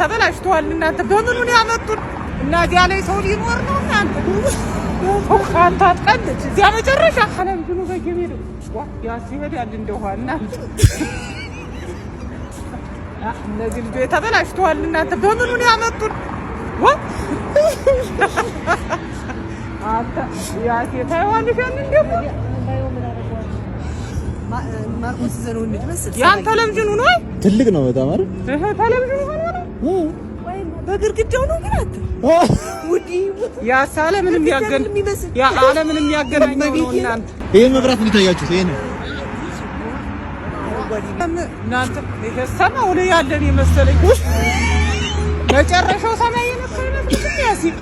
ተበላሽተዋል። እናንተ በምኑን ያመጡን? እናዚያ ላይ ሰው ሊኖር ነው። እናንተ አንተ አትቀልድ። እዚያ መጨረሻ ከለምድኑ በየሜዱ ያስ ይሄዳል እንደውሃ እናንተ እነዚህ ልጆች ተበላሽተዋል። እናንተ በምኑን ያመጡን? አንተ ያስ ታይዋለሽ ማርቆስ ዘሮ እንድትመስል ያን ተለምጅኑ ነው ትልቅ ነው በጣም አይደል? እህ ነው በግርግዳው ነው ግን አት ውዲ ያ ያገን ያ ነው። እናንተ ይሄ መብራት እንዲታያችሁ ይሄ ነው እናንተ ሰማው ላይ ያለን የመሰለኝ መጨረሻው ሰማይ የነበረ ያሲል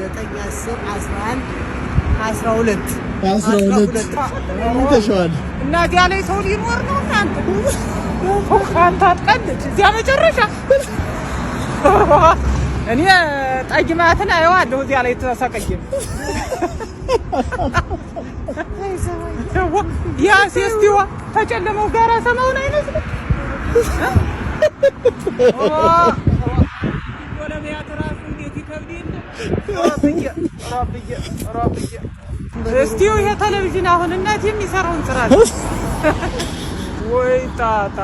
ዘጠኝ አስር አስራ አንድ እና እዚያ ላይ ሰው ሊኖር ነው። አንተ አትቀልድ። እዚያ መጨረሻ እኔ ጠጅ ማትን አየዋለሁ እዚያ ላይ ተሰቀየም ያ ሴስቲዋ ተጨለመው ጋራ ሰማውን አይነት ነው። እስቲው የቴሌቪዥን አሁን እናት የሚሰራውን ስራ ወይ ጣጣ